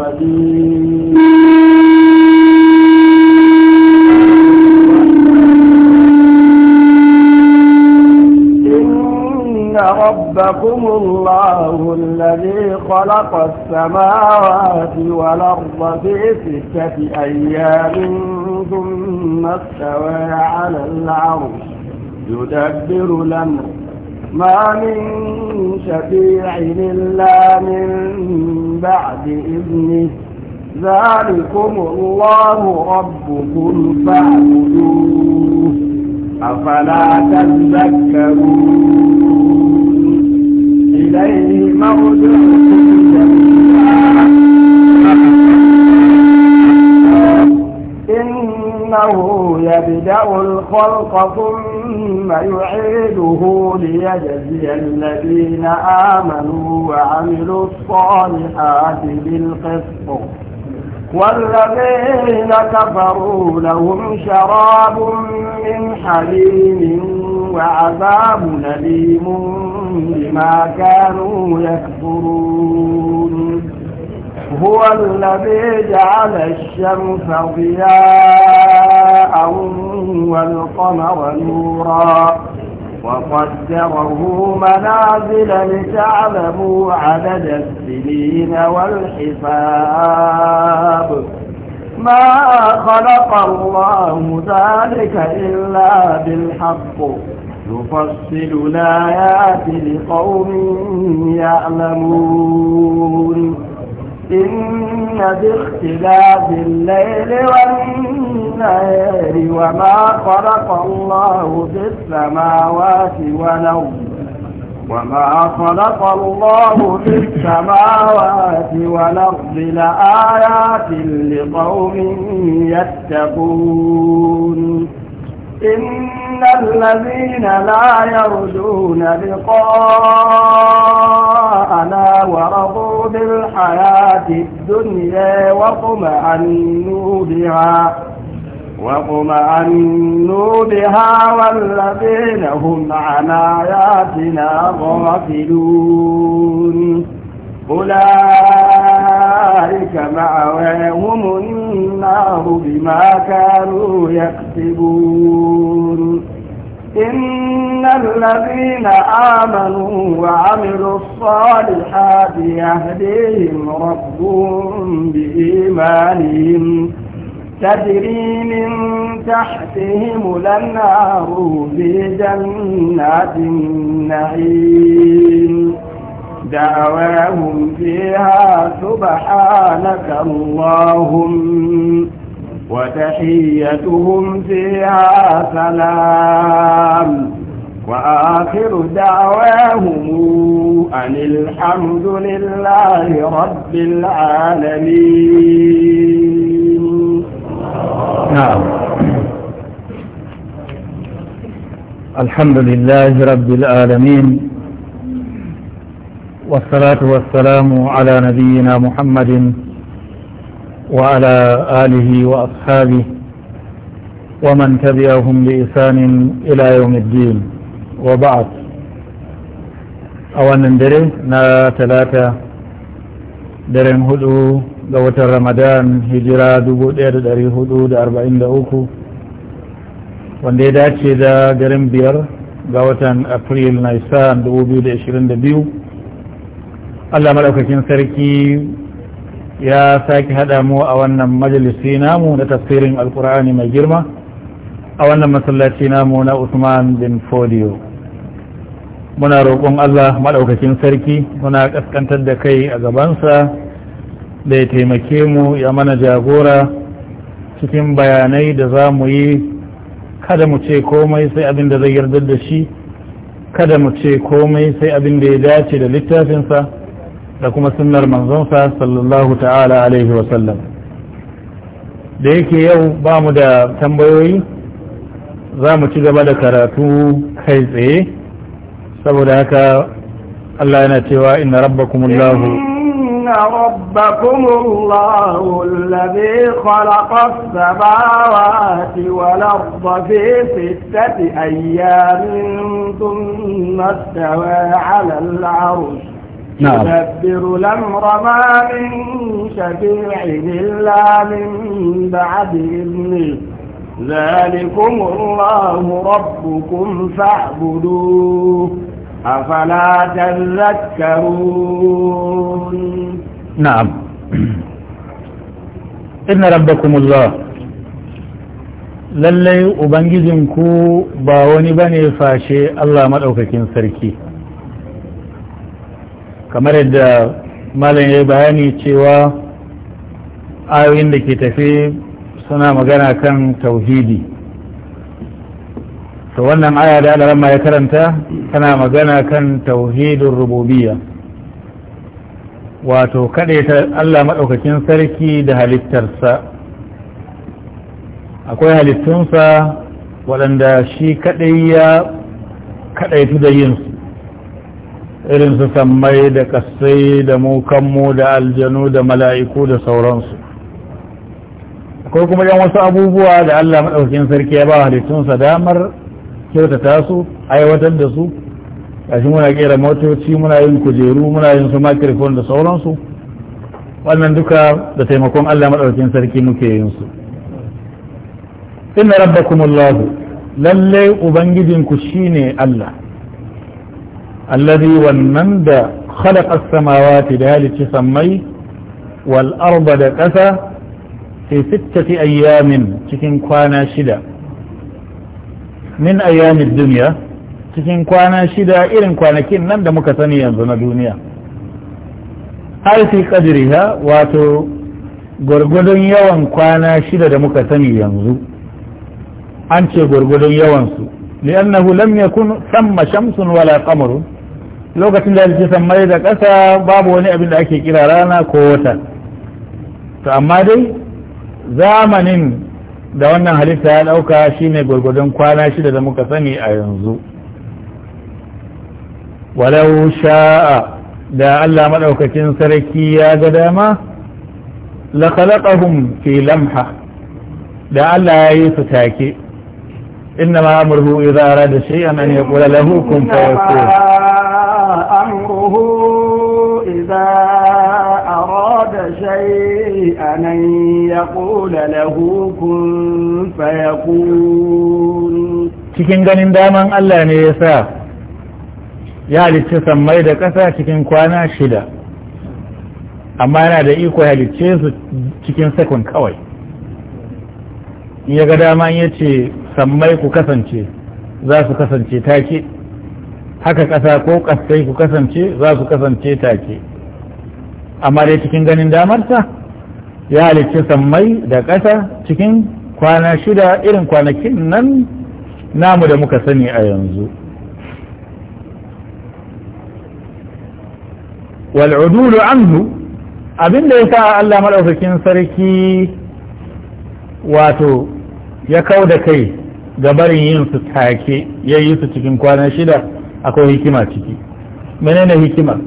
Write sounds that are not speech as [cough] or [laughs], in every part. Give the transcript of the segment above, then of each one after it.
ربكم الله الذي خلق السماوات والأرض في ستة أيام ثم استوى على العرش يدبر الأمر ما من شفيع إلا من بعد إذنه ذلكم الله ربكم فاعبدوه أفلا تذكرون إليه مرجعكم جميعا إنه يبدأ الخلق ثم ثم يعيده ليجزي الذين آمنوا وعملوا الصالحات بالقسط والذين كفروا لهم شراب من حليم وعذاب أليم بما كانوا يكفرون هو الذي جعل الشمس ضياء والقمر نورا وقدره منازل لتعلموا عدد السنين والحساب ما خلق الله ذلك إلا بالحق يفصل الآيات لقوم يعلمون إن باختلاف الليل والنهار وما خلق الله في السماوات والأرض وما خلق الله في السماوات والأرض لآيات لقوم يتقون إن إن الذين لا يرجون لقاءنا ورضوا بالحياة الدنيا وطمأنوا بها وطمأنوا بها والذين هم عن آياتنا غافلون أولئك معواهم النار بما كانوا يكسبون إن الذين آمنوا وعملوا الصالحات يهديهم ربهم بإيمانهم تجري من تحتهم الأنهار في جنات النعيم دعواهم فيها سبحانك اللهم وتحيتهم فيها سلام وآخر دعواهم أن الحمد لله رب العالمين نعم الحمد لله رب العالمين والصلاة والسلام على نبينا محمد وعلى آله وأصحابه ومن تبعهم بإسان إلى يوم الدين وبعد أولا دري نا ثلاثة درين هدو لو رمضان هجرة دبو دير داري هدو دا أربعين دا أوكو wanda ya dace da garin biyar ga watan april na isan 2022 Allah malaukakin sarki ya sake haɗa mu a wannan majalisi namu na tafsirin alkur'ani mai girma a wannan masallaci namu na Usman bin Fodio muna roƙon Allah maɗaukakin sarki muna kaskantar da kai a gabansa da ya taimake mu ya mana jagora cikin bayanai da za mu yi kada mu ce komai sai abin da zai yarda da shi kada mu ce komai sai abin da ya dace da littafinsa da kuma sunnar manzonsa sallallahu ta'ala alaihi wasallam da yake yau ba mu da tambayoyi za mu ci gaba da karatu kai tsaye saboda haka Allah yana cewa inna rabbakumullahu ربكم الله الذي خلق السماوات والأرض في ستة أيام ثم استوى على العرش نعم يدبر الأمر ما من شفيع إلا من بعد إذنه ذلكم الله ربكم فاعبدوه أفلا تذكرون نعم إن ربكم الله lallai ubangijinku ba wani bane fashe Allah maɗaukakin sarki kamar yadda malam ya bayani cewa ayoyin da ke tafi suna magana kan tauhidi to wannan aya da alarama ya karanta tana magana kan tauhidin rububiyya wato kaɗaita allah maɗaukakin sarki da halittarsa akwai halittunsa waɗanda shi kaɗai ya kaɗaitu da yinsu irin su sammai da kasai da mukanmu da aljanu da mala'iku da sauransu akwai kuma yan wasu abubuwa da Allah maɗaukin sarki ya ba halittunsa damar kyautata su aiwatar da su kashi muna kera motoci muna yin kujeru muna yin su microphone da sauransu wannan duka da taimakon Allah maɗaukin sarki muke yin su inna rabbakumullahu lallai ubangijinku shine Allah الذي والمند خلق السماوات ذلك سمي والأرض دكسة في ستة أيام تكن كوانا شدا من أيام الدنيا تكن كوانا شدا إلن كوانا كن نمد مكتنيا ذنا دنيا أي في قدرها واتو gwargwadon yawan kwana shida da muka sani yanzu an ce gwargwadon yawansu li'annahu lam yakun thamma shamsun wala qamarun lokacin da yake mai da ƙasa babu wani abin da ake kira rana ko wata to amma dai zamanin da wannan halitta ya ɗauka shine gwargwadon kwana shida da muka sani a yanzu walau sha'a da Allah maɗaukakin sarki ya ga dama la khalaqahum fi lamha da Allah ya yi su take inna ma izara idza arada shay'an an yaqula lahu kun fayakun إذا أراد شيئا أن يقول له كن فيكون cikin ganin daman Allah ne ya sa ya halicce sammai da ƙasa cikin kwana shida amma yana da iko halicce su cikin sekund kawai ya ga dama ya ce sammai ku kasance za su kasance take haka ƙasa ko ƙasai ku kasance za su kasance take amma dai cikin ganin damarsa ya halicci sammai da ƙasa cikin kwana shida irin kwanakin nan namu da muka sani a yanzu wal'udulu anhu abinda ya sa Allah maɗaukakin sarki wato ya kau da kai ga barin yin su take ya su cikin kwana shida akwai hikima ciki menene hikima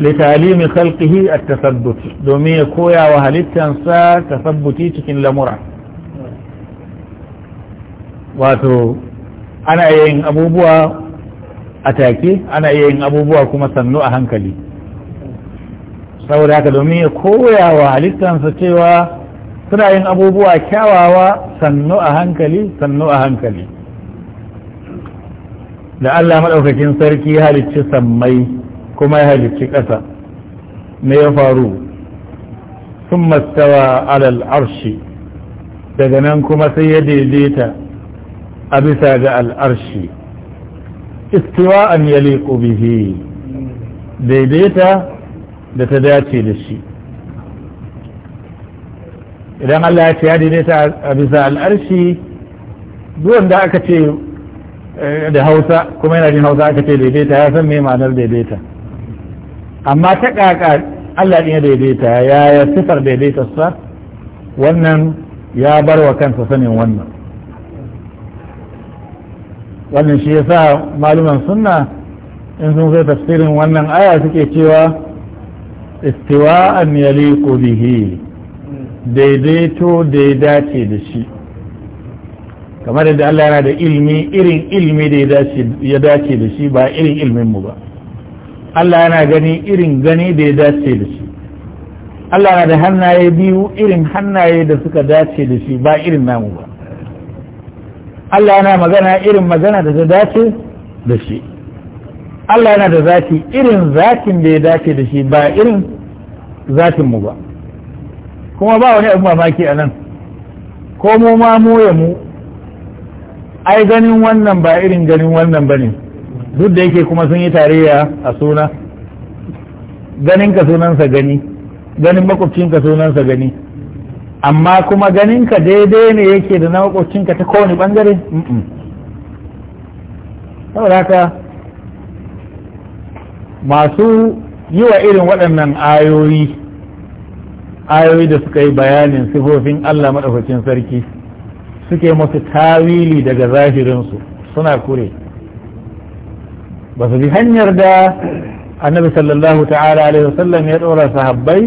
لتعليم خلقه التثبت دومي domin ya koya wa halittansa tasabbuti cikin lamura wato ana yin abubuwa a take ana yin abubuwa kuma sannu a hankali saboda haka domin ya koya wa halittansa cewa suna yin abubuwa kyawawa sannu a hankali sannu a hankali da Allah maɗaukakin sarki halicci sammai kuma ya halicci ƙasa me ya faru sun mastawa alal arshi daga nan kuma sai ya daidaita a bisa ga al'arshi istiwa an yali bihi daidaita da ta dace da shi idan Allah ya ce ya daidaita a bisa al'arshi duwan da aka ce eh, da hausa kuma yana jin hausa aka ce daidaita ya san me ma'anar daidaita amma ta ƙaƙa Allah ne daidaita ya sifar sa wannan ya bar wa kansa sanin wannan wannan shi ya sa maluman sunna in sun zai tafsirin wannan aya suke cewa istiwa'an yaliqu bihi daidaito da ya dace da shi kamar yadda Allah yana da ilmi irin ilmi da ya dace da shi ba irin ilmin mu ba Allah yana gani irin gani da ya dace da shi Allah na da hannaye biyu irin hannaye da suka dace da shi ba irin namu ba Allah yana magana irin magana da ta dace da shi Allah yana da zaki irin zakin da ya dace da shi ba irin zatinmu ba kuma ba wani abu mamaki a nan ko mu ma mu ya mu ai ganin wannan ba irin ganin wannan ba ne duk da yake kuma sun yi tarayya a suna ganin sunansa gani ganin makwabcinka sunansa gani amma kuma ganinka daidai ne yake da na makwabcinka ta kowane bangare saboda haka masu yi wa irin waɗannan ayoyi ayoyi da suka yi bayanin sifofin Allah maɗaukacin sarki suke masu tawili daga zahirinsu suna kure بس في هنجر دا النبي صلى الله تعالى عليه وسلم يدعو لصحبي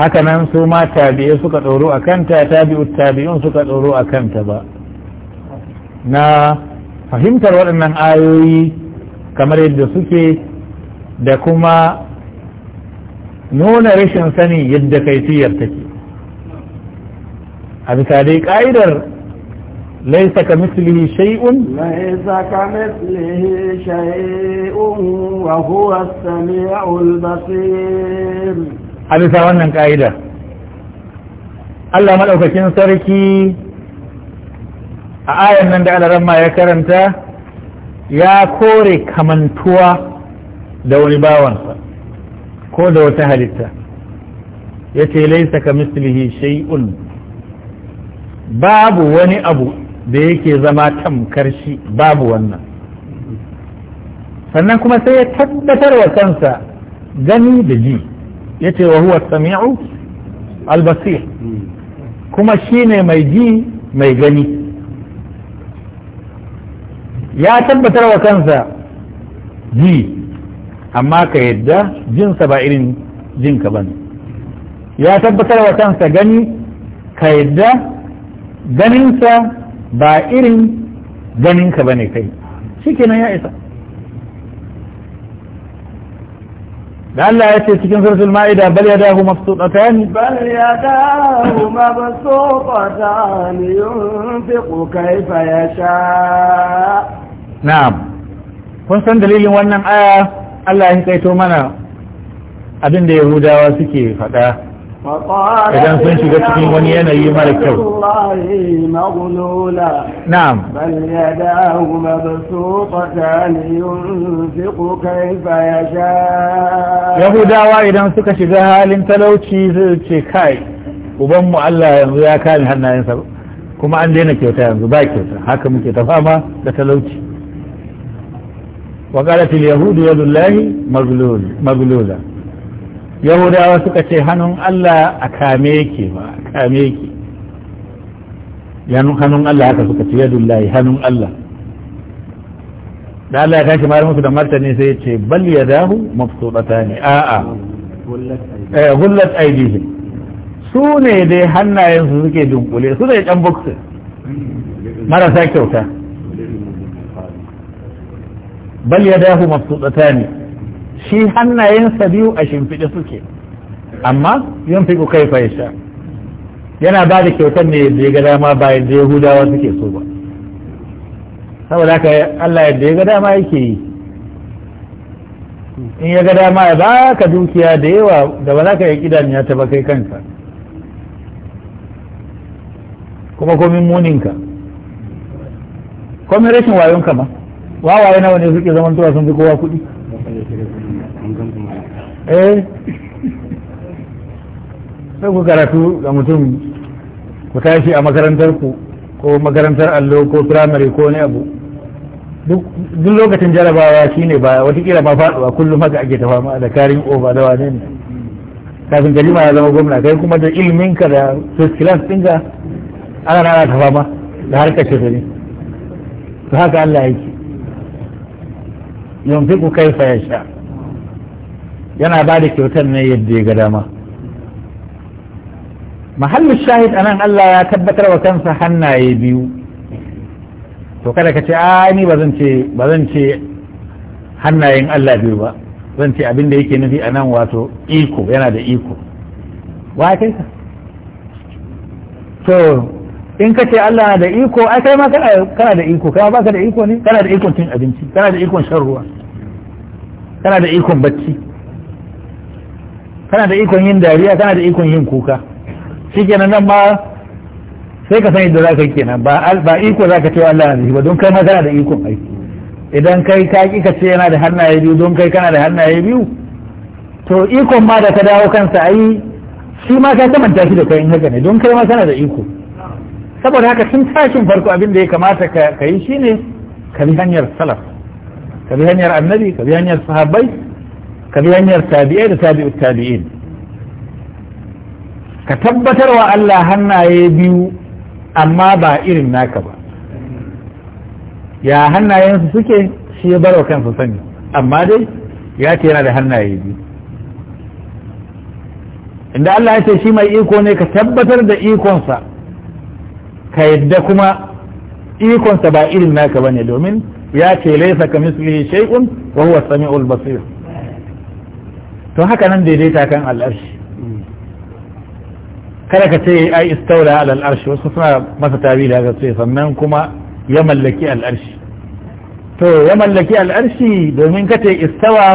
حكا نمسو ما تابعي سكت أورو أكنت تابع التابعون سكت أورو أكنت با نا فهمت الوال أنه آيوي كما ريد سكي دا كما نون رشن سني يد كيفي يرتكي هذا سالي قايدر ليس كمثله شيء ليس كمثله شيء وهو السميع البصير أبي ثوانا قائدة الله ملأك كنسركي آية من دعال رمى يكرمتا يا كوري كمنتوا دوني باوانسا ko da wata halitta ya ce laisa ka mislihi shay'un babu wani abu da yake zama tamkar shi babu wannan sannan kuma sai ya tabbatar wa kansa gani da ji ya ce wa huwa sami'u albasir kuma shi ne mai ji mai gani ya tabbatar wa kansa ji amma ka yadda jinsa ba irin jinka ba ne ya tabbatar wa kansa gani ka yadda ganinsa ba irin ganinka ba ne kai shi kenan ya isa da Allah ya ce cikin suratul ma'ida bal yadahu mabsutatan bal yadahu mabsutatan yunfiqu kayfa yasha na'am kun san dalilin wannan aya Allah ya kaito mana abin da Yahudawa suke faɗa idan sun shiga cikin wani yanayi mara kyau na'am bal yadahu mabsuutatan yahudawa idan suka shiga halin talauci zai ce kai ubanmu Allah yanzu ya kame hannayensa kuma an daina kyauta yanzu ba kyauta haka muke ta fama da talauci وقالت اليهود يد الله مغلولة yahudawa suka ce hannun Allah a kame yake ba a kame yake hannun Allah haka suka ce yadu yadullahi hannun Allah da Allah ya kashi mara musu da martani sai ya ce bal ya dahu mafsuɗata ne a'a hullat eh, aidihi su ne dai hannayensu suke dunkule su ne can bukse marasa kyauta bal ya dahu mafsuɗata ne shi hannayensa biyu a shimfiɗe suke amma yin fi kai faisha yana ba da kyautar ne da ya ga dama ba yadda yahudawa suke so ba saboda haka allah yadda ya ga dama yake yi in ya ga dama ya ba ka dukiya da yawa da ba za ka yi kidaniya ta ba kai kanka kuma komin muninka komin rashin wayonka ma wawaye nawa ne suke zaman zuwa sun fi kowa kuɗi eh ku karatu ga mutum ku tashi a makarantar ku ko makarantar allo ko firamare ko wani abu duk lokacin jarabawa shi ne ba watakila ba faɗuwa kullum haka ake tafa ma da karin ova da wane ne kafin kalima ya zama gwamna kai kuma da ilminka da first class ka ana nana tafa fama da harkar shirari to haka Allah yake yanzu ku kai fa ya sha yana ba da kyautar ne yadda ya ga dama mahallin shahid anan Allah ya tabbatar wa kansa hannaye biyu to kada ka ce a ni ba zan ce ba zan ce hannayen Allah biyu ba zan ce abin da yake nufi anan wato iko yana da iko wa kai ka to in ka ce Allah na da iko ai kai ma kana da iko kai ba ka da iko ne kana da ikon cin abinci kana da ikon shan ruwa kana da ikon bacci kana da ikon yin dariya kana da ikon yin kuka shi kenan nan ma sai ka san yadda za ka yi kenan ba iko za ka ce Allah na ba don kai ma kana da ikon ai idan kai ka ki ka ce yana da hannaye biyu don kai kana da hannaye biyu to ikon ma da ka dawo kansa ai shi ma ka kamanta shi da kai in haka ne don kai ma kana da iko saboda haka tun tashin farko abin da ya kamata ka yi shine ka bi hanyar salaf ka bi hanyar annabi ka bi hanyar sahabbai ka hanyar tabi'ai da tabi'ut tabi'in ka tabbatar wa Allah hannaye biyu amma ba irin naka ba ya hannayensu suke shi ya baro kansu sani amma dai ya ce yana da hannaye biyu inda Allah ya ce shi mai iko ne ka tabbatar da ikonsa ka yadda kuma ikonsa ba irin naka ba ne domin ya ce laisa ka mislihi shay'un wa huwa sami'ul basir to haka nan daidaita kan al'arshi kada ka ce ai istaula al al'arshi wasu suna masa tabi da haka ce sannan kuma ya mallaki al'arshi to ya mallaki al'arshi domin ka ce istawa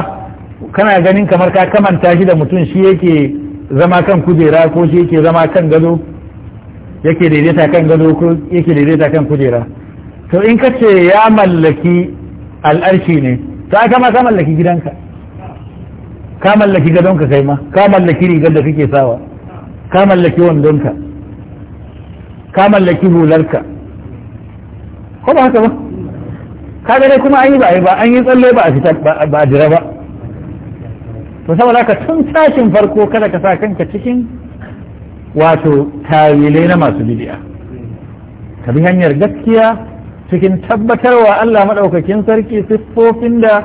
kana ganin kamar ka kamanta shi da mutum shi yake zama kan kujera ko shi yake zama kan gado yake daidaita kan gado ko yake daidaita kan kujera to in ka ce ya mallaki al'arshi ne ta kama ka mallaki gidanka ka mallaki gadonka kai ma ka mallaki rigar da kake sawa ka mallaki wandonka ka mallaki hularka ko ba haka ba ka dai kuma an yi ba ba an yi tsalle ba a fita ba a jira ba to saboda haka tun sashin farko kada ka sa kanka cikin wato tawilai na masu bid'a ka bi hanyar gaskiya cikin tabbatarwa Allah madaukakin sarki siffofin da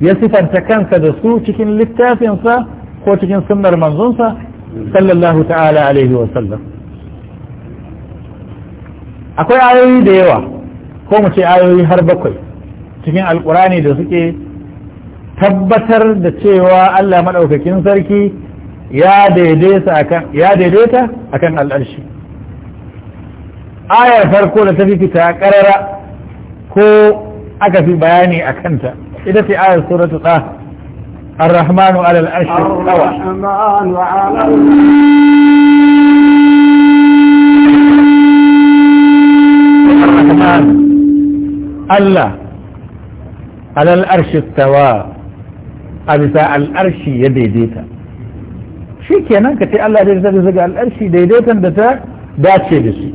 ya sifanta kansa da su cikin littafinsa ko cikin sunnar manzonsa sallallahu ta'ala alaihi wa sallam akwai ayoyi da yawa ko mu ce ayoyi har bakwai cikin alkurani da suke tabbatar da cewa Allah Madaukakin sarki ya daidaita akan al'arshi ayar farko da ta fita karara ko aka fi bayani a kanta إذا في آية سورة القاه الرحمن على الأرش الرحمن على الرحمن الله على الأرش التوا أبساء الأرش يدي ديتا شي كينا كتي الله دي رزق الأرش يدي ديتا دتا داتشي بسي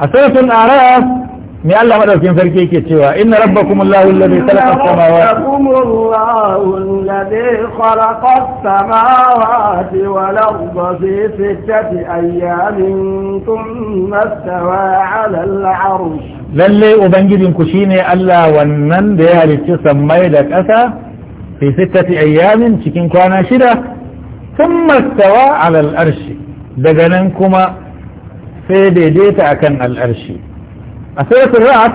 أسرة الأعراف me Allah madaukin sarki yake cewa inna rabbakum Allahu alladhi khalaqa as-samawati rabbakum Allahu alladhi khalaqa as-samawati wal arda fi sittati ayyamin thumma istawa 'ala al-'arsh lalle ubangijin ku shine Allah wannan da ya halicci sammai da ƙasa fi sittati ayyamin cikin kwana shida thumma istawa 'ala al-'arsh daga nan kuma sai daidaita akan al-arshi أسئلة الرأس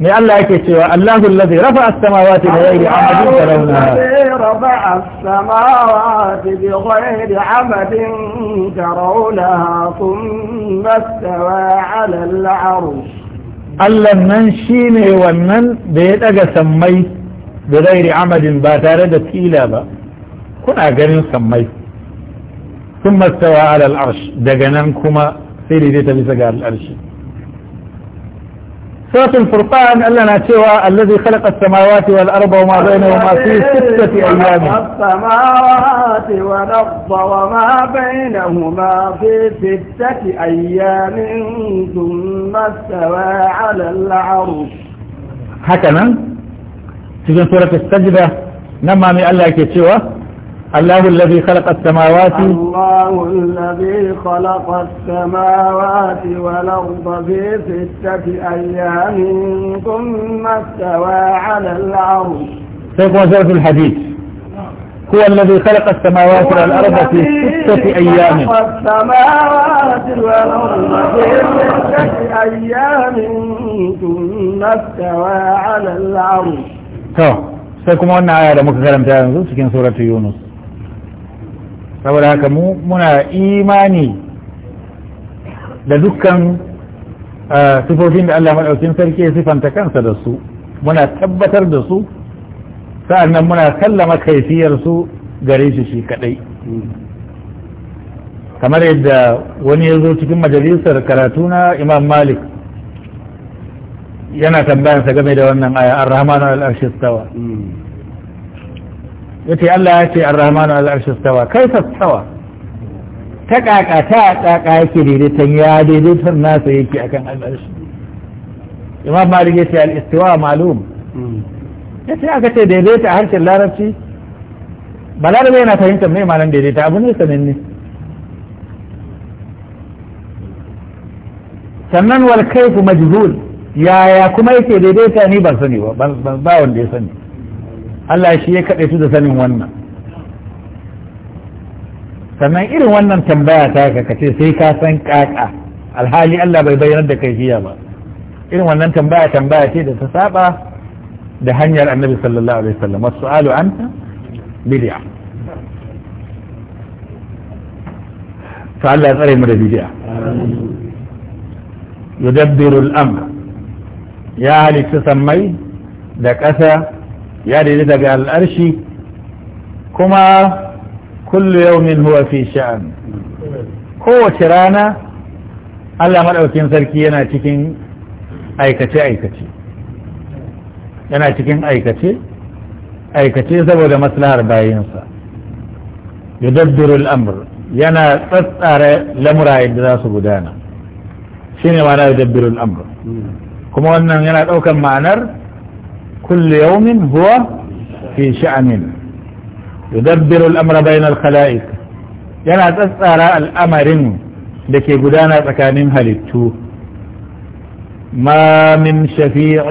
لألا يكتشوى الله الذي رفع السماوات بغير عمد كرونها رفع السماوات بغير عمد كرونها ثم استوى على العرش ألا من شيني ومن بيتك سمي بغير عمد باتاردة إلابا كنا قرن سمي ثم استوى على العرش دقنان كما سيري ديتا بسقار العرش سورة الفرقان لنا سوى الذي خلق السماوات والأرض وما بينهما في ستة أيام السماوات والأرض وما بينهما في ستة أيام ثم استوى على العرش هكذا تجد سورة السجدة نما من الله سوى الله الذي خلق السماوات الله الذي خلق السماوات والأرض في ستة أيام ثم استوى على العرش سيف وزارة الحديث هو الذي خلق السماوات والأرض في ستة أيام السماوات والأرض في ستة أيام ثم استوى على العرش. تو طيب. سيكون عنا آية مكثرة من سورة يونس. saboda haka muna imani da dukkan uh, sifofin da Allah maɗaukin sarki ya sifanta kansa da su muna tabbatar da su nan muna sallama kaifiyarsu su gare shi shi kaɗai. kamar yadda wani ya zo cikin majalisar karatu na imam malik yana tambayansa game da wannan aya ar-rahmanu al-arshistawa hmm. yace Allah ya ce ar-rahman al-arsh istawa kaifa istawa ta kaka ta kaka yake tan ya daidaitar nasa yake akan al-arsh imam malik yace al-istiwa ma'lum yace aka ce daidaita ta harshen larabci balarabe yana fahimtar mai malam daidaita abu ne sanin ne sannan wal kaifu majhul yaya kuma yake daidaita ni ban sani ba ba wanda ya sani Allah shi ya kaɗai su da sanin wannan sannan irin wannan tambaya ta ka kace sai ka san kaka alhali Allah bai bayyanar da kai jiya ba irin wannan tambaya tambaya ce da ta saba da hanyar annabi sallallahu alaihi wasallam wasu'alu anta bid'a to Allah ya tsare mu da bid'a yudabbiru al-amr ya halitta sammai da ƙasa ya daga ga al'arshi kuma kullu yawmin huwa fi sha'an kowace rana Allah maɗaukin sarki yana cikin aikace-aikace yana cikin aikace aikace saboda maslahar bayinsa yudabbiru al'amr yana tsatsara lamura yadda za su gudana shine ma'ana yudabbiru al'amr kuma wannan yana ɗaukan ma'anar كل يوم هو في شأن يدبر الأمر بين الخلائق يلا تسأل الأمر لكي قدانا تكاملها للتو ما من شفيع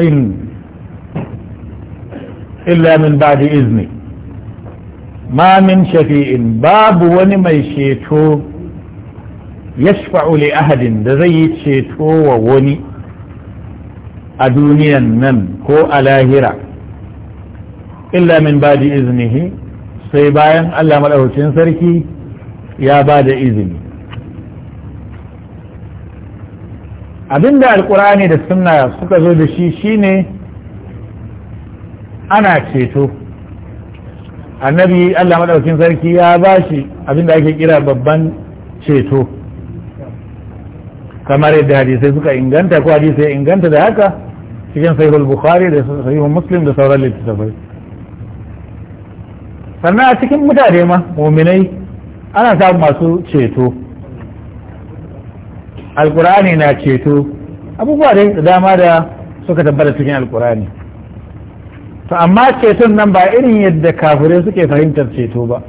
إلا من بعد إذن ما من شفيع باب ونمي شيتو يشفع لأهد دزيت شيتو ووني a duniyan nan ko a lahira illa min ba da iznihi sai bayan Allah maɗaukacin sarki ya bada izini abinda alkurani da sunna suka zo da shi shine ana ceto annabi Allah maɗaukacin sarki ya bashi abinda ake kira babban ceto kamar yadda hadisai suka inganta ko hadisai inganta da haka cikin al bukhari da sahihu muslim da sauran littattafai sannan a cikin mutane ma muminai ana samun masu ceto alkurani na ceto abubuwa dai da dama da suka tabbata cikin alkurani to amma ceton nan ba irin yadda kafirai suke fahimtar ceto ba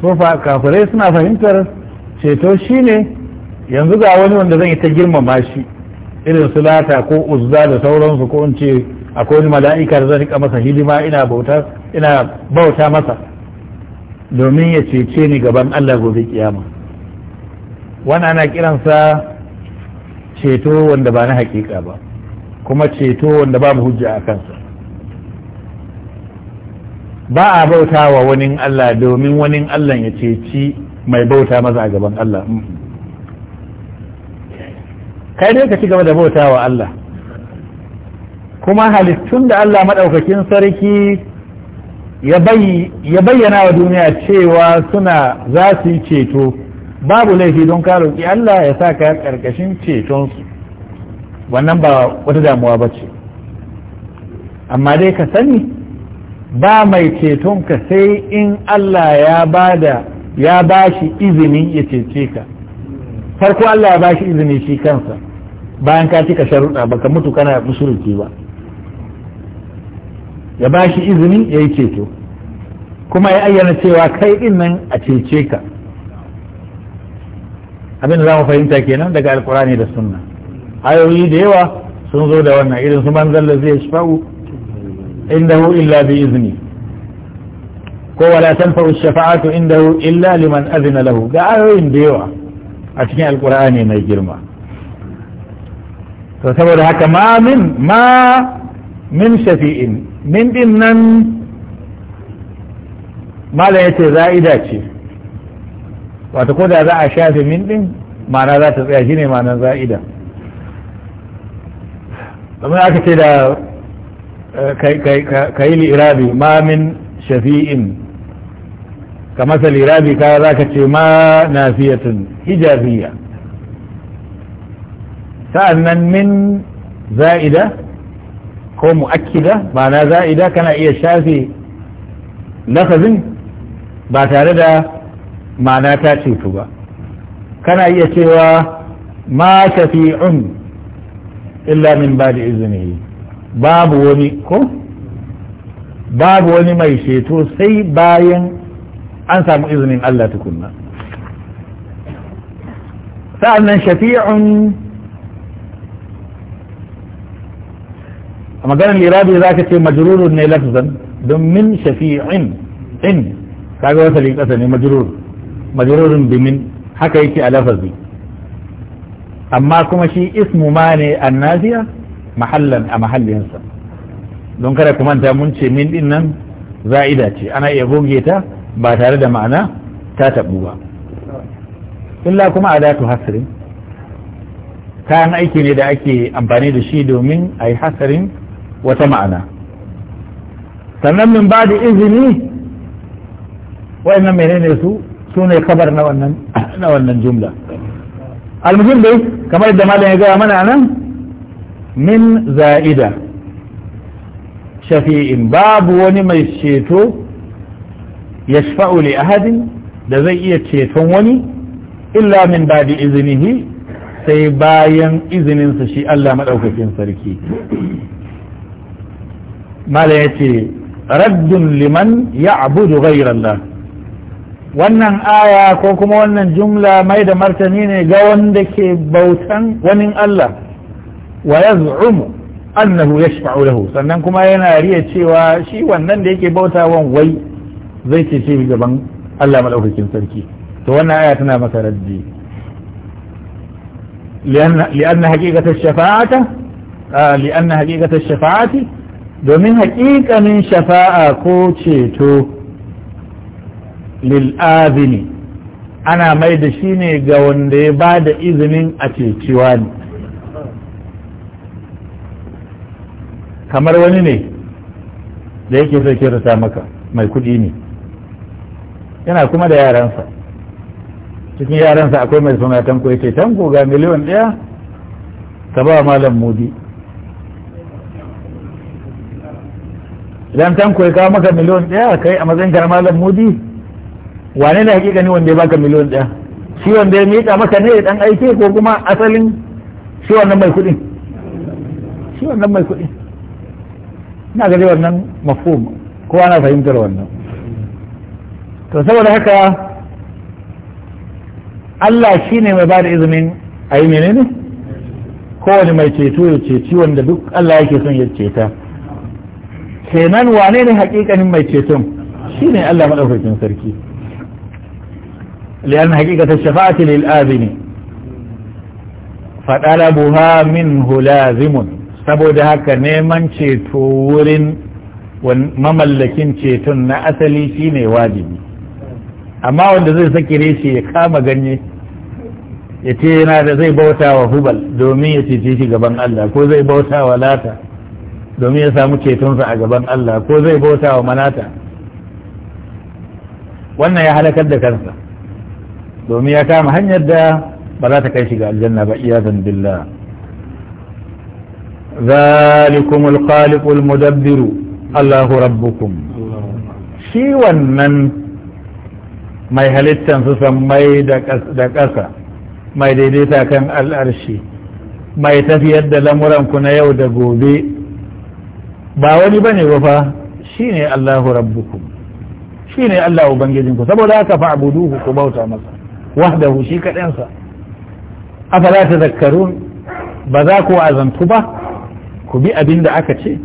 sofa kafirai suna fahimtar ceto shine yanzu ga wani wanda zan yi ta girmama shi irin su lata ko uzza da sauransu ko in ce akwai wani mala'ika da zai rika masa hidima ina bauta ina bauta masa domin ya cece ni gaban Allah gobe kiyama wannan ana kiransa ceto wanda ba na hakika ba kuma ceto wanda ba mu hujja a kansa ba a bauta wa wani Allah domin wani Allah ya ceci mai bauta maza a gaban Allah kai dai ka ci gaba da bauta wa Allah kuma halittun da Allah maɗaukakin sarki ya bayyana wa duniya cewa suna za su yi ceto babu laifi don ka roƙi Allah ya sa ka ƙarƙashin cetonsu wannan ba wata damuwa ba ce amma dai ka sani ba mai ceton ka sai in Allah ya bada ya ba shi izini ya cece ka farko Allah ya ba shi izini shi kansa bayan ka cika sharuɗa baka mutu kana musulunci ba ya ba shi izini ya yi ceto kuma ya ayyana cewa kai din nan a cece ka abin da za mu fahimta kenan daga alkurani da sunna ayoyi da yawa sun zo da wannan irin su manzan da zai shafa'u hu illa bi izini ko wala tanfa'u shafa'atu hu illa liman azina lahu ga ayoyin da yawa a cikin alkurani mai girma to saboda haka ma min ma min shafi'in min din nan malam ya ce za'ida ce wata ko da za a shafe min din ma'ana za ta tsaya shine ma'anar za'ida domin aka ce da ka yi lirabi ma min shafi'in ka masa lirabi ka za ka ce ma nafiyatun hijabiya sa'annan min za'ida ko mu'akkida ma'ana za'ida kana iya shafe lafazin ba tare da ma'ana ta cutu ba kana iya cewa ma shafi'un illa min ba da izini babu wani ko babu wani mai ceto sai bayan an samu izinin Allah tukunna sa'annan shafi'un a maganar lirabi za ka ce majrurun ne lafzan don min shafi'in in kaga wasalin kasa ne majrur majrurun bimin haka yake a lafazi amma kuma shi ismu ma ne annaziya mahallan a mahallinsa don kada ku manta mun ce min din nan za'ida ce ana iya goge ta ba tare da ma'ana ta tabu ba illa kuma adatu hasrin kayan aiki ne da ake amfani da shi domin a yi hasarin wata ma'ana sannan min ba da izini wa'annan menene su su ne kabar na wannan jumla almuhim dai kamar da malam ya gaya mana nan min za'ida shafi'in babu wani mai ceto yashfa'u li ahadin da zai iya ceton wani illa min ba da izinihi sai bayan izininsa shi Allah maɗaukakin sarki mala ya ce raddun liman ya abudu ghairallah wannan aya ko kuma wannan jumla mai da martani ne ga wanda ke bautan wani Allah wa yaz'umu annahu yashfa'u lahu sannan kuma yana riya cewa shi wannan da yake bauta wai zai cece gaban Allah madaukakin sarki to wannan aya tana maka raddi li'anna haqiqatu shafa'ata li'anna haqiqatu shafa'ati domin haƙiƙanin shafa'a ko ceto lil'azini ana mai da shi ne ga wanda ya ba da izinin a ceciwa ne kamar wani ne da yake sauke kirata maka mai kuɗi ne yana kuma da yaransa cikin yaransa akwai mai suna tanko ya ce tanko ga miliyan ɗaya ta ba malam modi dan tanko ya kawo maka miliyon ɗaya kai a matsayin ka malam mudi wane ne hakika ne wanda ya baka miliyon ɗaya shi wanda ya miƙa maka ne dan aiki ko kuma asalin shi wannan mai kuɗin shi wannan mai kuɗi ina gani wannan mafhum kowa na fahimtar wannan to saboda haka Allah shi ne mai ba da izinin a yi menene kowane mai ceto ya ceci wanda duk Allah yake son ya ceta kenan wane ne hakikanin mai ceton Shi ne Allah maɗaukakin sarki liyan hakikata shafa'ati lil azini fadalabuha minhu lazimun saboda haka neman ceto wurin mamallakin ceton na asali shi ne wajibi amma wanda zai saki reshe ya kama ganye ya ce yana da zai bauta wa hubal domin ya cece shi gaban Allah ko zai bauta wa lata domin ya samu cetonsa a gaban Allah ko zai bauta wa manata wannan ya halakar da kansa domin ya kama hanyar da ba za ta kai shiga aljanna ba iyazan billah zalikum alkhaliqul mudabbiru Allahu rabbukum shi wannan mai halittan su sammai da ƙasa mai daidaita kan al'arshi mai tafiyar da lamuranku na yau da gobe ba wani bane ba fa shine Allahu rabbukum shine Allah ubangijinku saboda haka fa'buduhu ku bauta masa wahdahu shi kadan sa afala tadhakkarun ba za ku azantu ba ku bi abin da aka ce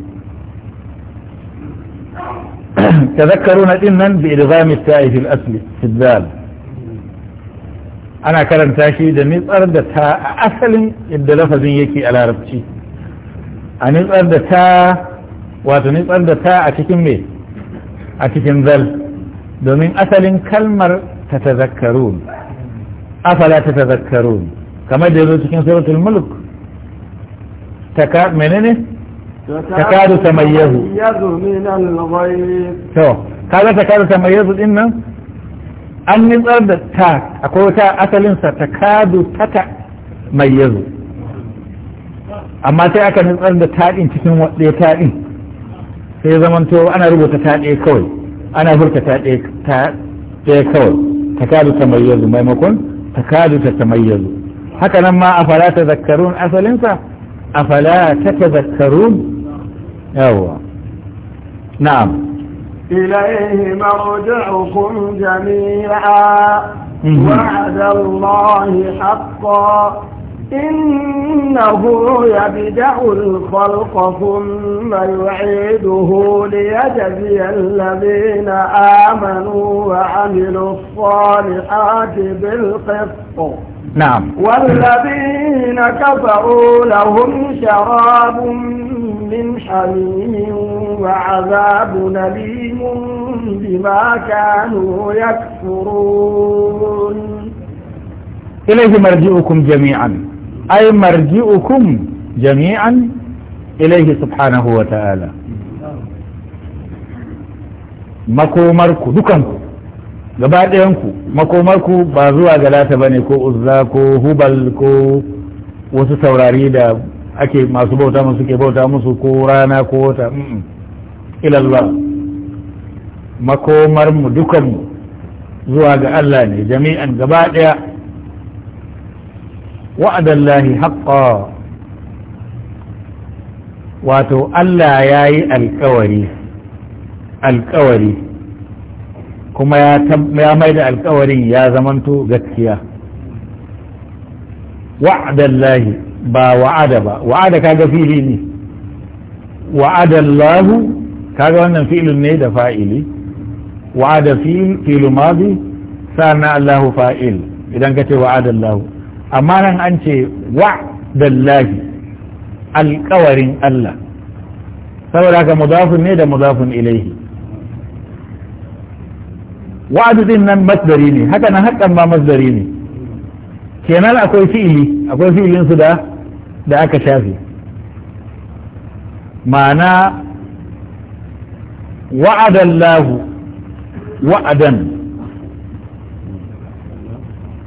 [clears throat] tadhakkaruna din nan bi idgham at-ta'i fil asli fi dhal ana karanta shi da nitsar da ta a asalin yadda lafazin yake a larabci a nitsar da ta wato nitsar da ta a cikin me a cikin zal domin asalin kalmar ta tazakkarun afala ta tazakkarun kamar da yazo cikin suratul mulk taka menene takadu tamayyazu to kaga takadu tamayyazu din nan an nitsar da ta akwai ta asalin wata asalinsa takadu tata mayyazu amma sai aka nutsar da ta din cikin ta din sai zaman to ana rubuta ta ɗaya kawai ana furta ta ɗaya kawai ta kadu ta mayyazu maimakon ta kadu ta ta mayyazu haka nan ma afala ta zakarun asalinsa afala ta ta zakarun yawwa na'am ilaihi مرجعكم jami'a وعد الله حقا إنه يبدأ الخلق ثم يعيده ليجزي الذين آمنوا وعملوا الصالحات بالقسط نعم والذين كفروا لهم شراب من حميم وعذاب نليم بما كانوا يكفرون إليه مرجئكم جميعا ai marji'ukum jami'an ilaihi subhanahu wa ta'ala makomarku dukanku gaba ɗayanku makomarku ba zuwa ga lata bane ko uzza ko hubal ko wasu saurari da ake masu bauta musu ke bauta musu ko rana ko wata ilallah makomarmu dukanmu zuwa ga Allah ne jami'an gaba ɗaya وعد الله حقا wato Allah ya yi alkawari alkawari kuma ya mai da alkawarin ya zamanto gaskiya wa'adallahi ba wa'ada ba wa'ada kaga fili ne wa'adallahu kaga wannan filin ne da fa'ili wa'ada filu mazi sa'ana Allahu fa'il idan ka ce wa'adallahu amma nan an ce wa dallahi alkawarin Allah saboda haka mudafin ne da mudafin ilaihi wa'adu din nan masdari ne haka nan haƙƙan ma masdari ne kenan akwai fi'ili akwai fi'ilin su da da aka shafe ma'ana wa'adallahu wa'adan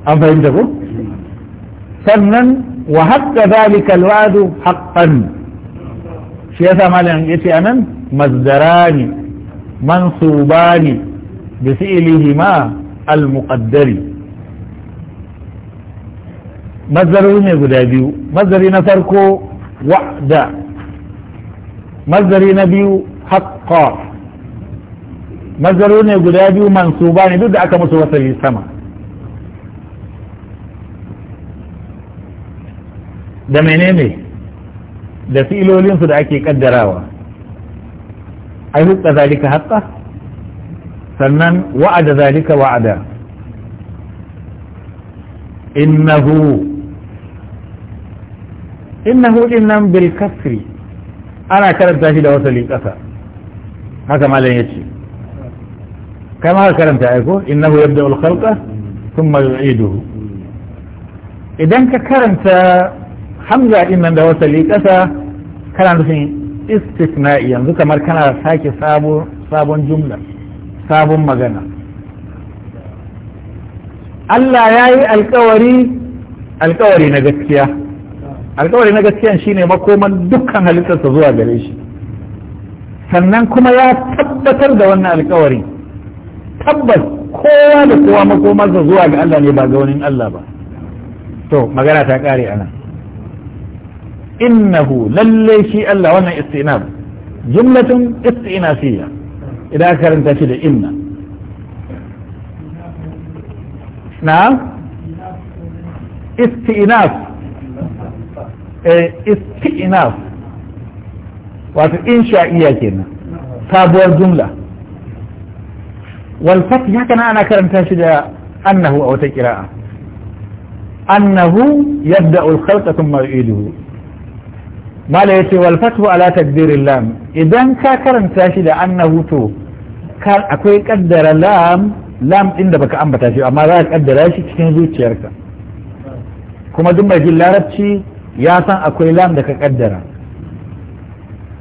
an fahimta ko سنا وحق ذلك الواد حقا شيثا مالا يتيانا مزدران منصوبان بسئلهما المقدر مزدرون يقدادي مزدرين فاركو وعدا مزدرين بيو حقا مزدرون يقدادي منصوبان بدعك مصورة للسماء da menene da filolinsu da ake kaddarawa ai hukka zalika haƙƙa sannan wa'ada zalika wa'ada innahu innahu din nan bil kasri ana karanta shi da wasali ƙasa haka malam ya ce kai ma karanta aiko innahu yabda ul khalqa thumma yu'iduhu idan ka karanta hamza din nan da wasali kasa kana nufin istisna'i yanzu kamar kana sake sabon jumla sabon magana Allah ya yi alkawari alkawari na gaskiya alkawari na gaskiya shine makoman dukkan halittarsa zuwa gare shi sannan kuma ya tabbatar da wannan alkawari tabbas kowa da kowa makomarsa zuwa ga Allah ne ba ga wani Allah ba to magana ta kare anan إنه للي شيء ألا وانا استئناب جملة استئنافية إذا أكثر انت في إن نعم استئناف إيه، استئناف وفي إنشاء إياكين فابو الجملة والفتح كان أنا كرم تشجع أنه أو تكراء أنه يبدأ الخلق ثم يعيده mala ya ce walfatu ala takdirin lam idan ka karanta shi da annahu to akwai kaddara lam lam din da baka ambata shi amma za ka kaddara shi cikin zuciyarka kuma duk mai jin larabci ya san akwai lam da ka kaddara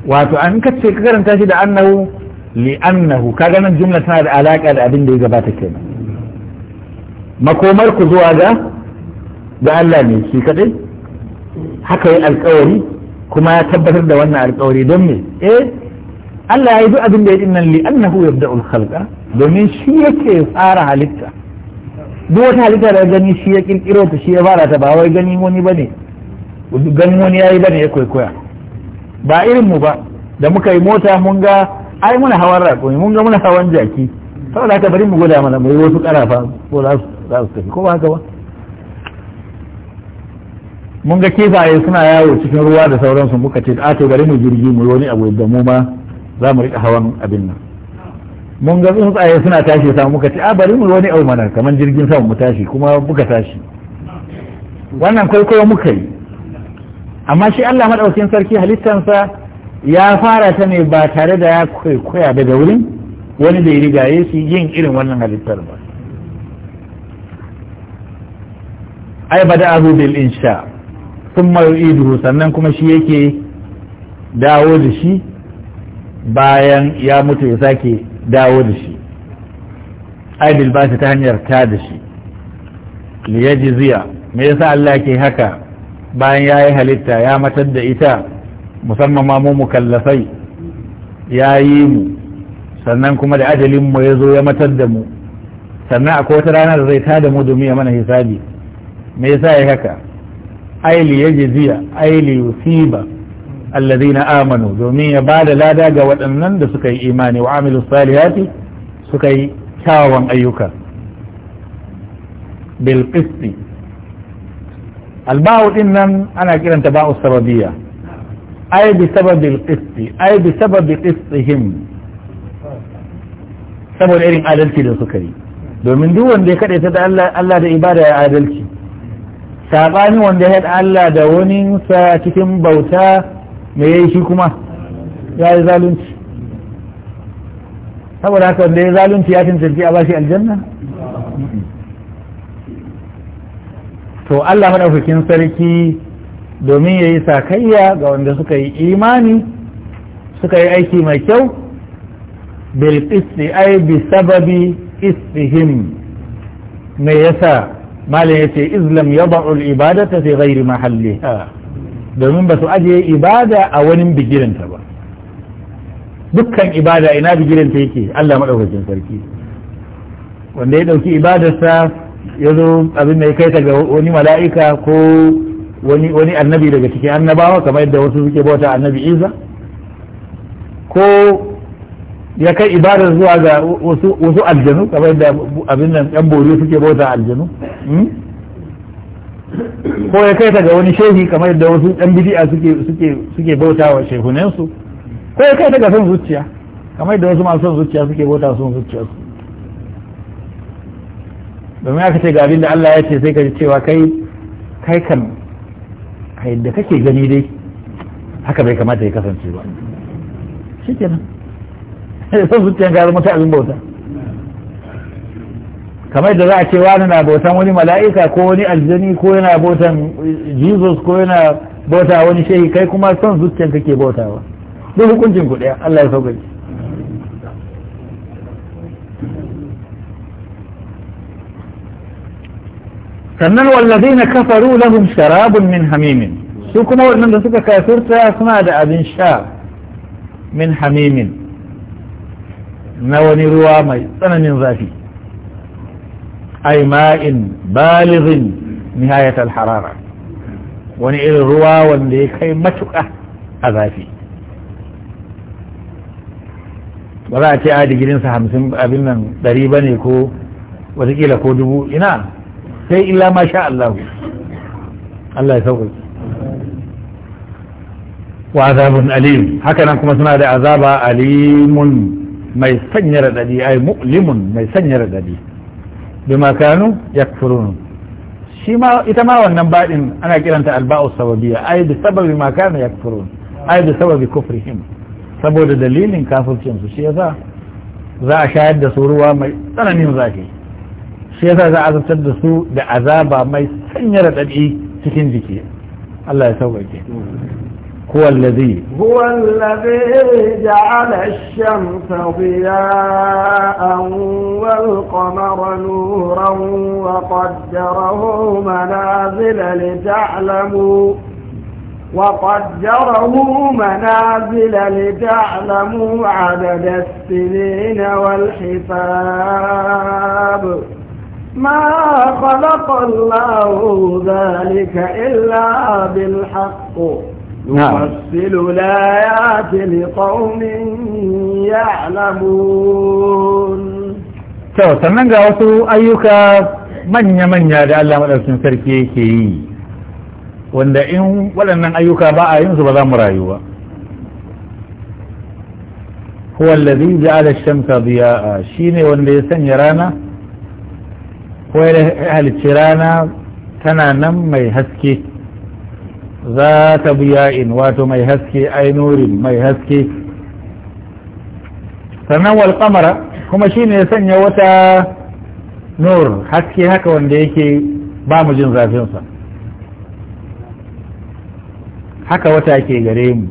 wato an ka ce ka karanta shi da annahu li annahu kaga nan jumla tana da alaka da abin da ya gabata kenan makomar ku zuwa ga ga Allah ne shi kadai haka yi alkawari kuma ya tabbatar da wannan alƙawari don me eh Allah ya yi duk abin da ya dinnan li annahu yabda'ul khalqa domin shi yake tsara halitta duk wata halitta da gani shi ya kirkiro ta shi ya fara ta ba wai gani wani bane ganin wani yayi bane ya kwaikwaya ba irin mu ba da muka yi mota mun ga ai muna hawan raƙumi mun ga muna hawan jaki saboda haka bari mu gwada mana mu yi wasu ƙarafa ko za su tafi ko ba haka ba mun ga kifaye suna yawo cikin ruwa da sauransu muka ce a ah, to bari mu jirgi mu wani abu da mu ma za mu rika hawan abin nan mun ga tsuntsaye suna tashi sa muka ce a ah, bari mu wani abu mana kamar jirgin sama mu tashi kuma muka tashi wannan kwaikwayo muka yi amma shi Allah madaukakin sarki halittansa ya fara ta ne ba tare da ya kwaikwaya daga wurin wani da ya rigaye shi yin irin wannan halittar ba ai bada abu bil insha sun yu'iduhu sannan kuma shi yake dawo da shi bayan ya mutu ya sake dawo da shi aidil ba ta hanyar ta da shi liyajziya me yasa Allah ke haka bayan ya yi halitta ya matar da ita musamman ma mu mukallafai ya yi mu sannan kuma da ajalin mu ya zo ya matar da mu sannan akwai wata rana da zai tada mu domin ya mana hisabi me yasa ya haka ai li yajziya ai li yusiba alladhina amanu domin ya ba da lada ga waɗannan da suka yi imani wa amilu salihati suka yi kyawawan ayyuka bil qisti alba'u din nan ana kiranta ba'u sababiya ai bi sababil qisti ai bi sababi qistihim saboda irin adalci da suka yi domin duk wanda ya kaɗaita da Allah da ibada ya adalci sabani wanda ya Allah da wani sa cikin bauta mai yayi shi kuma ya yi zalunci saboda haka wanda ya zalunci ya cancanci a bashi aljanna to Allah maɗaukakin sarki domin ya yi sakayya ga wanda suka yi imani suka yi aiki mai kyau bil ai bi sababi istihim me yasa malam yace izlam ya al-ibadata sai ghairi mahalli ah. domin ba su ajiye ibada a wani bigiranta ba dukkan ibada ina bigiranta yake Allah madaukakin sarki wanda ya dauki ibadarsa ya zo abin da ya kai ta ga wani mala'ika ko wani wani annabi daga cikin annabawa kamar yadda wasu suke bauta annabi Isa ko ya kai ibadar zuwa ga wasu aljanu kamar da abin nan yan bori suke bauta aljanu hmm? ko ya kai ta ga wani shehi kamar da wasu yan bidi'a suke bauta wa shehunensu ko ya kai ta ga son zuciya kamar da wasu masu son zuciya suke bauta son su domin aka ce ga abin da Allah ya ce sai ka ji cewa kai kai kan kai da kake gani dai haka bai kamata ya kasance ba kenan son [laughs] zuciyan gari mutu abin bauta kamar da za a ce wani na bautan wani mala'ika ko wani aljani ko yana bautan jesus ko yana bauta wani shehi kai kuma son zuciyan kake bautawa duk hukuncin ku Allah ya sauƙaƙe sannan wallazi na kafaru lahum sharabun min hamimin su kuma waɗanda suka kafirta suna da abin sha min hamimin na wani ruwa mai tsananin zafi ai ma'in balighin nihayat al-harara wani irin ruwa wanda ya kai matuƙa a zafi ba za a ce a digirinsa hamsin abin nan ɗari ba ne ko watakila ko dubu ina sai illa ma sha Allahu Allah ya sauƙi wa azabun alim haka nan kuma suna da azaba alimun mai sanya radadi ai mu'limun mai sanya radadi bima kanu yakfurun shi ma ita ma wannan badin ana kiranta alba'u sababiyya ai bi sababi ma kanu yakfurun ai bi sababi kufrihim saboda dalilin kafircin su shi yasa za a shayar da su ruwa mai tsananin zafi shi yasa za a zartar da su da azaba mai sanya radadi cikin jiki Allah ya sauƙaƙe هو الذي هو الذي جعل الشمس ضياء والقمر نورا وقدره منازل لتعلموا وقدره منازل لتعلموا عدد السنين والحساب ما خلق الله ذلك إلا بالحق يفصل الآيات لقوم يعلمون to sannan ga wasu ayyuka manya-manya da Allah maɗaukin sarki yake yi wanda in waɗannan ayyuka ba a yin su ba za mu rayu ba huwa allazi ja'ala shamsa diya'a shine wanda ya sanya rana ko ya halicci rana tana nan mai haske za ta biya'in wato mai haske ai nurin mai haske sannan wal kamara kuma shi ne sanya wata nur haske haka wanda yake ba mu jin zafinsa haka wata ke gare mu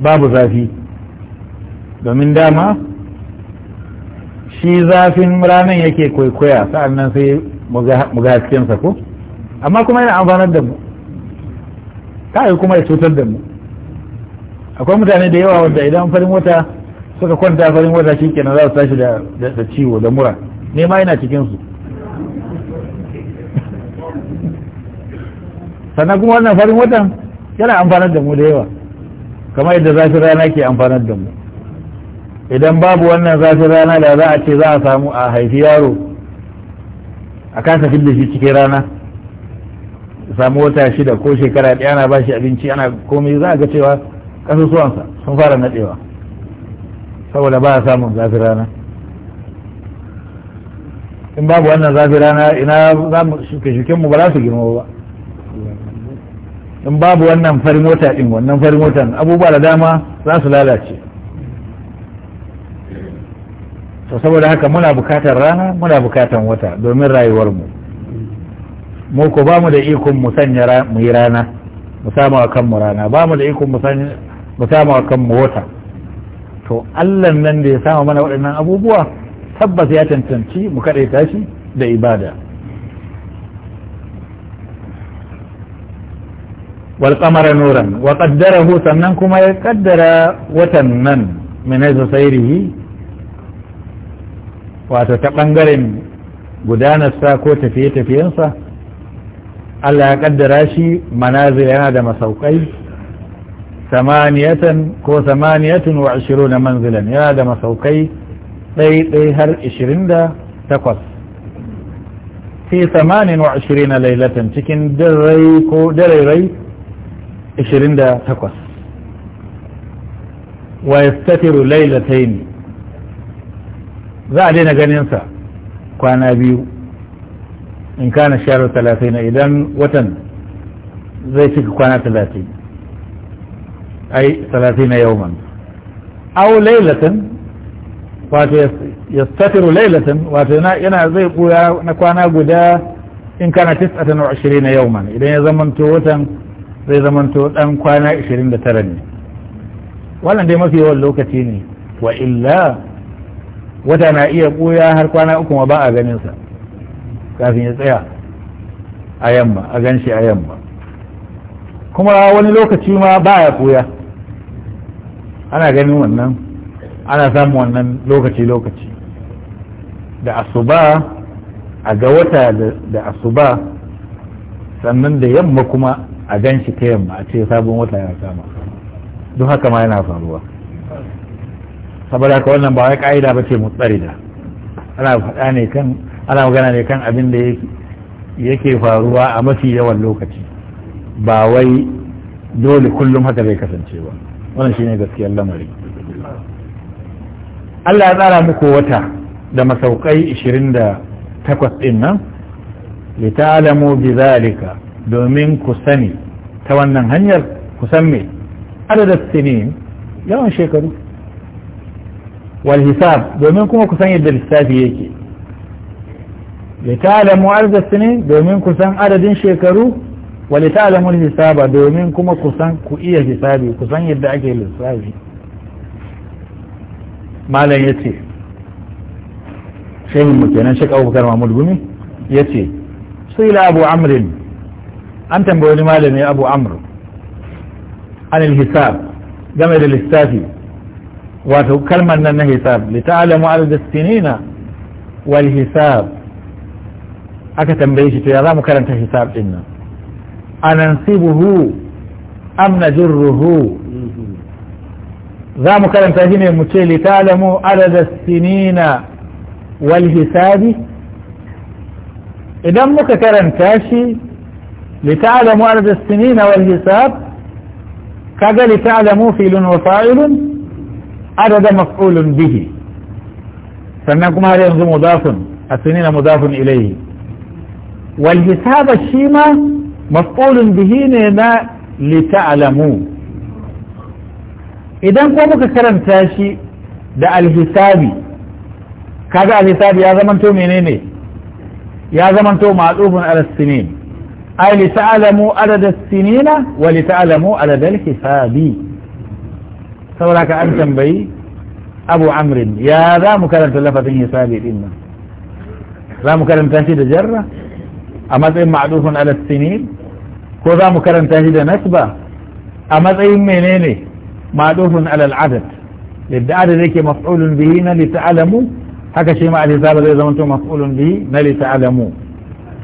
babu zafi domin dama shi zafin ranar yake kwaikwaya sa'an nan sai mu ga haskensa ko amma kuma yana amfanar da mu ta kuma ya cutar da mu akwai mutane da yawa wanda idan farin wata suka kwanta farin wata shi kenan za su tashi da ciwo da mura ne ma yana cikinsu sannan kuma wannan farin watan yana amfanar da mu da yawa kamar yadda zafin rana ke amfanar da mu idan babu wannan zafin rana da za a ce za a samu a haifi yaro a kasa fidda shi cikin rana samu wata shida ko shekara ɗaya ana ba abinci ana komai za a ga cewa ƙasusuwansa sun fara naɗewa saboda ba a samun zafi rana in babu wannan zafi rana ina za mu shuke-shuken mu ba za su girma ba in babu wannan farin mota din wannan farin motan abubuwa da dama za su lalace saboda haka muna bukatar rana muna bukatar wata domin rayuwarmu mu ko ba mu da ikon mu sanya mu yi rana mu samu a kanmu rana ba mu da ikon mu samu a kanmu wata to Allah nan da ya sama mana waɗannan abubuwa tabbas ya cancanci mu kaɗai tashi da ibada wal kamara nuran wa sannan kuma ya kaddara watan nan min sairihi wato ta ɓangaren gudanarsa ko tafiye-tafiyensa Allah ya kaddara shi manazil yana da masaukai samaniyatan ko samaniyatun wa ashiru na manzilan yana da masaukai ɗai ɗai har ishirin da takwas fi samanin wa ashirin na lailatan cikin dare ko darairai ishirin da takwas wa ya yastatiru lailatain za a daina ganinsa kwana biyu in kana sharar talatin idan watan zai cika kwana talatin ai talatin na yawman au lailatan wato ya statiru lailatan wato yana zai kura na kwana guda in kana tis'atan wa ashirin na yawman idan ya zamanto watan zai zamanto dan kwana ashirin da tara ne wannan dai mafi yawan lokaci ne wa illa wata na iya kuya har kwana uku ma ba a ganin sa kafin ya tsaya a yamma a ganshi a yamma kuma wani lokaci ma ba ya koya ana ganin wannan ana samun wannan lokaci-lokaci da asuba a ga wata da asuba sannan da yamma kuma a gan shi ta yamma a ce sabon wata ya kama don haka ma yana faruwa saboda ka wannan ba wai ka'ida ba ce mutsari da ana faɗa ne kan ana magana ne kan abin da yake faruwa a mafi yawan lokaci ba wai dole kullum haka zai kasance ba wannan shine gaskiyar lamari Allah ya tsara muku wata da masaukai 28 din nan li ta'lamu bi zalika domin ku sani ta wannan hanyar ku san me adadin sinin yawan shekaru wal hisab domin kuma ku san yadda lissafi yake littattafai da mu al-dastini domin adadin shekaru wa littattafai da domin kuma kusan ku iya hisabi kusan yadda ake lissafi malam ya ce shaimanmu kenan shakar wa bakwarni mamudu ne ya sai la abu amir an tambayi ni malami abu amir anan hisab game da lissafi wato kalmar na hisab littattafai da mu al-dastini na walhisab. aka tambaye shi to ya zamu karanta hisab din nan anansibuhu am najruhu zamu karanta shi ne mu ce li talamu adada sinina wal hisab idan muka karanta shi li talamu adada sinina wal hisab kaga li talamu filun wa fa'ilun adada maf'ulun bihi sannan kuma har yanzu mudafun السنين مضاف إليه wal hisaba shi ma maf'ulun bihi ne na lita'lamu idan ko muka karanta shi da alhisabi kaga alhisabi ya zamanto menene ya zamanto ma'lufun ala sinin ay li ta'lamu adada sinina wa li ta'lamu adada alhisabi saboda ka an tambayi abu amrin ya za mu karanta lafazin hisabi din nan za mu karanta shi da jarra a matsayin ma'adufin alasinin ko za mu karanta shi da nasba a matsayin menene ma'adufin alal'adad yadda adad yake maf'ulun bihi na lita'alamu haka shi ma alisaba zai zama to maf'ulun bihi na lita'alamu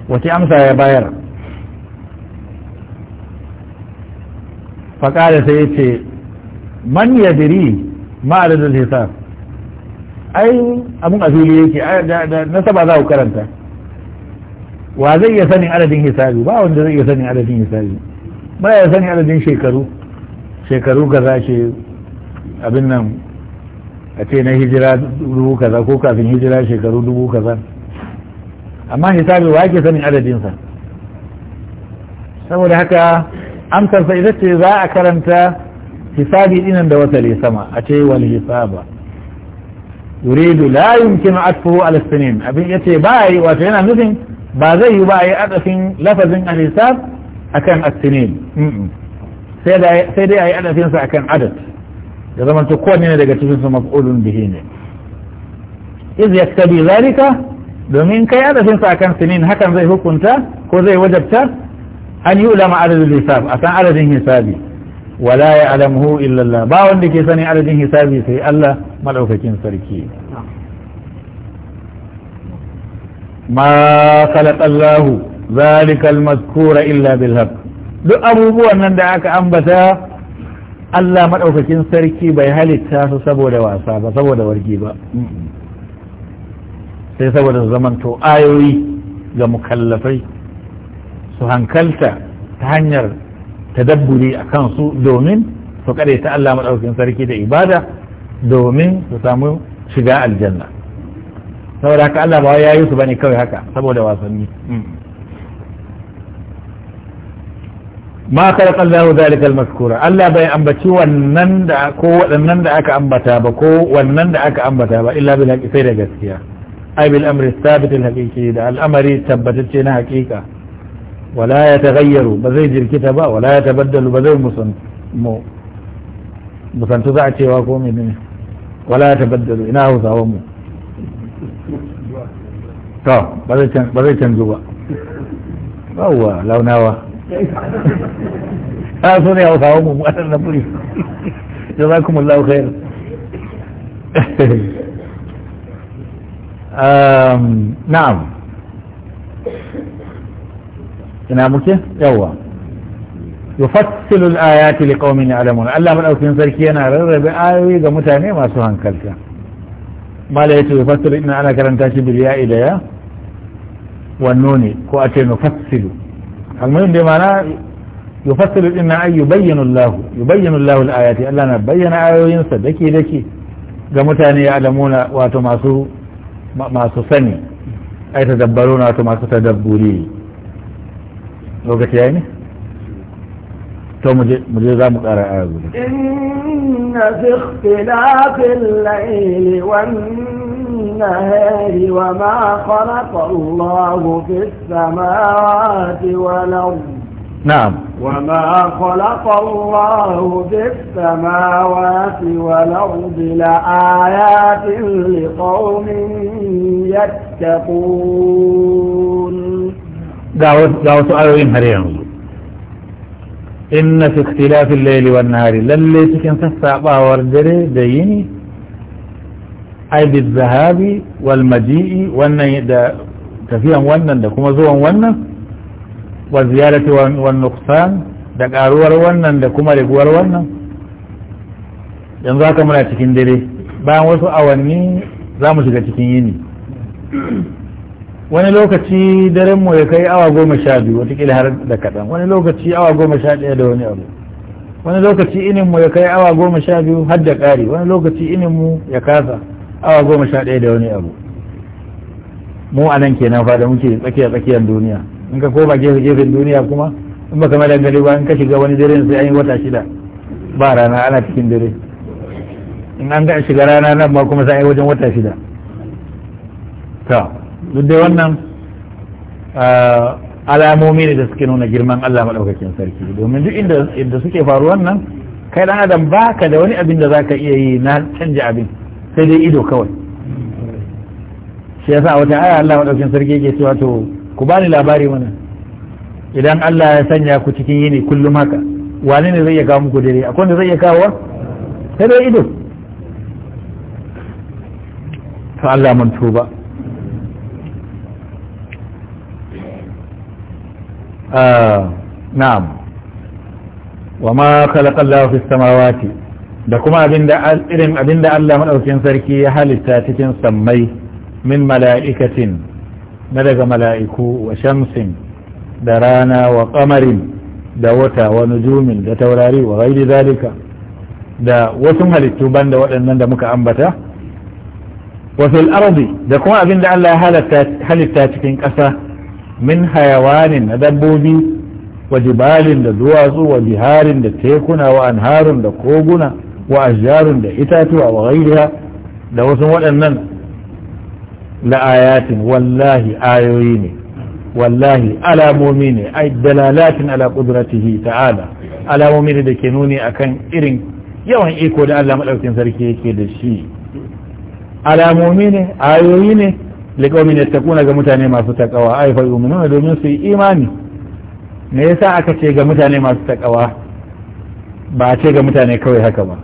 wace amsa ya bayar faƙada sai ya ce man ya yadiri ma'adadul hisab ai abun a fili yake nasaba za ku karanta wa zai iya sanin adadin hisabi ba wanda zai iya sanin adadin hisabi ba ya sanin adadin shekaru shekaru za ce abin nan a ce na hijira dubu kaza ko kafin hijira shekaru dubu kaza amma hisabi wa ke sanin adadinsa saboda haka amsarsa ita ce za a karanta hisabi dinan da wata sama a ce wal hisaba yuridu la yumkinu atfuhu al sinin abin yace ba yi wato yana nufin ba zai yi ba a yi adafin lafazin al akan as sai dai a yi adafinsa a kan adad da zaman to ne daga cikin su maf'ulun bihi ne iz yaktabi zalika domin kai adafinsa a akan sinin hakan zai hukunta ko zai wajabta an yi ulama adadin a akan adadin hisabi wala ya alamhu illallah ba wanda ke sani adadin hisabi sai Allah maɗaukakin sarki ما خلق الله ذلك المذكور illa duk abubuwan nan da aka ambata Allah maɗaukakin sarki bai halitta su saboda wasa ba saboda wargi ba sai saboda zamanto ayoyi ga mukallafai su hankalta ta hanyar tadabburi a kansu domin su kare ta Allah maɗaukakin sarki da ibada domin su samu shiga aljanna saboda haka Allah ba ya yi su bane kawai haka saboda wasanni hmm. ma khalaqal lahu zalika al-mazkura Allah bai ambaci wannan da ko waɗannan da aka ambata ba ko wannan da aka ambata ba illa bil haqqi sai da gaskiya ai bil amri thabit al-haqiqi da al'amari tabbatacce na haqiqa wala ya taghayyaru ba zai jirkita ba wala ya tabaddalu ba zai musantu za a cewa ko menene wala ya tabaddalu ina hausawa mu to ba zai canzo ba yawwa launawa a so ne hausawa mu waɗannan buri jazakumullahu khair [laughs] um, na'am ina muke yawwa ayati liqaumin ya'lamun Allah madaukakin sarki yana rarrabe ayoyi ga mutane masu hankalta mala ya ce ina ana karanta shi bil ya'i da ya wanno ne ko a ce nufassiru almuhim dai mana fassara ina ay yubayyinu Allah yubayyinu Allah al-ayati Allah na bayyana ayoyinsa dake dake ga mutane ya alamuna wato masu masu sani ai tadabbaruna wato masu tadabburi lokaci yayi ne تو مجھے مجھے زام کر ہے ان فی اختلاف الليل والنهار وما خلق الله في السماوات والارض نعم وما خلق الله في السماوات والارض لآيات لقوم يتقون دعوة دعوة سؤال وين هريان inna fi ikhtilafil layli wan nahari lalle cikin sassabawar dare da yini ai bi zahabi wal maji'i wannan da tafiyan wannan da kuma zuwan wannan wa ziyarati wan nuqsan da karuwar wannan da kuma riguwar wannan yanzu haka muna cikin dare bayan wasu awanni za mu shiga cikin yini wani lokaci daren mu ya kai awa goma sha biyu watakila har da kaɗan wani lokaci awa goma sha ɗaya da wani abu wani lokaci inin mu ya kai awa goma sha biyu har da ƙari wani lokaci inin mu ya kasa awa goma sha ɗaya da wani abu mu a nan kenan fa da muke tsakiya tsakiyar duniya in ka koma gefe gefen duniya kuma in baka ma dangane ba in ka shiga wani dare sai an yi wata shida ba rana ana cikin dare in an ga shiga rana nan ma kuma sai an yi wajen wata shida duk dai wannan ah, alamomi ne da suke nuna girman Allah maɗaukakin sarki domin duk inda suke faru wannan kai dan adam baka da wani abin da za ka iya yi na canja abin sai dai ido kawai shi yasa wata aya Allah maɗaukakin sarki yake cewa to ku bani labari mana idan Allah ya sanya ku cikin yini kullum haka wane ne zai iya kawo muku dare akwai wanda zai iya kawo sai dai ido to Allah mun tuba na'am wa ma khalaqa Allahu fis samawati da kuma abinda irin abinda Allah madaukakin sarki ya halitta cikin sammai min mala'ikatin na daga mala'iku wa shamsin da rana wa qamarin da wata wa nujumin da taurari wa ghairi zalika da wasu halittu banda waɗannan da muka ambata wa fil ardi da kuma abinda Allah ya halitta cikin ƙasa min hayawanin na dabbobi wa jibalin da duwatsu wa biharin da tekuna wa anharun da koguna wa da itatuwa wa ghairiha da wasu waɗannan la'ayatin wallahi ayoyi ne wallahi alamomi ne ai dalalatin ala ta'ala alamomi ne da ke nuni akan irin yawan iko da Allah madaukakin sarki yake da shi alamomi ne ayoyi ne liqaumin yattaquna ga mutane masu takawa ai fa yu'minuna domin su yi imani me yasa aka ce ga mutane masu takawa ba ce ga mutane kawai haka ba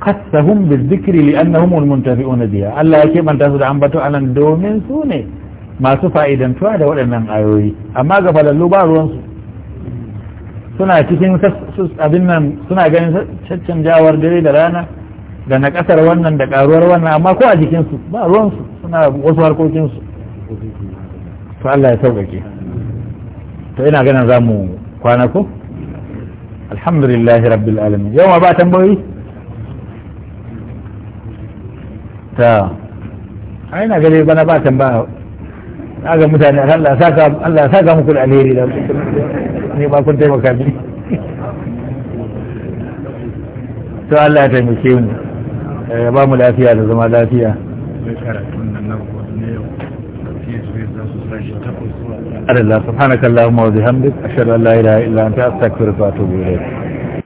qassahum bizikri li'annahum almuntafi'una biha Allah ya banta su da ambato anan domin su ne masu fa'idantuwa da waɗannan ayoyi amma ga falallu ba ruwansu suna cikin abin nan suna ganin jawar dare da rana da na kasar wannan da karuwar wannan amma ko a jikinsu ba ruwansu suna wasu harkokinsu to Allah ya sauƙaƙe to ina ganin za mu kwana ku alhamdulillahi rabbil alamin yau ma ba tambayoyi ta ai na gare bana ba tambaya na ga mutane Allah saka Allah saka muku da alheri da ne ba kun taimaka ni to Allah ya taimake mu ya eh, ba mu lafiya da zama lafiya Allah subhanaka Allahumma wa bihamdik ashhadu an la ilaha illa anta astaghfiruka wa atubu ilayk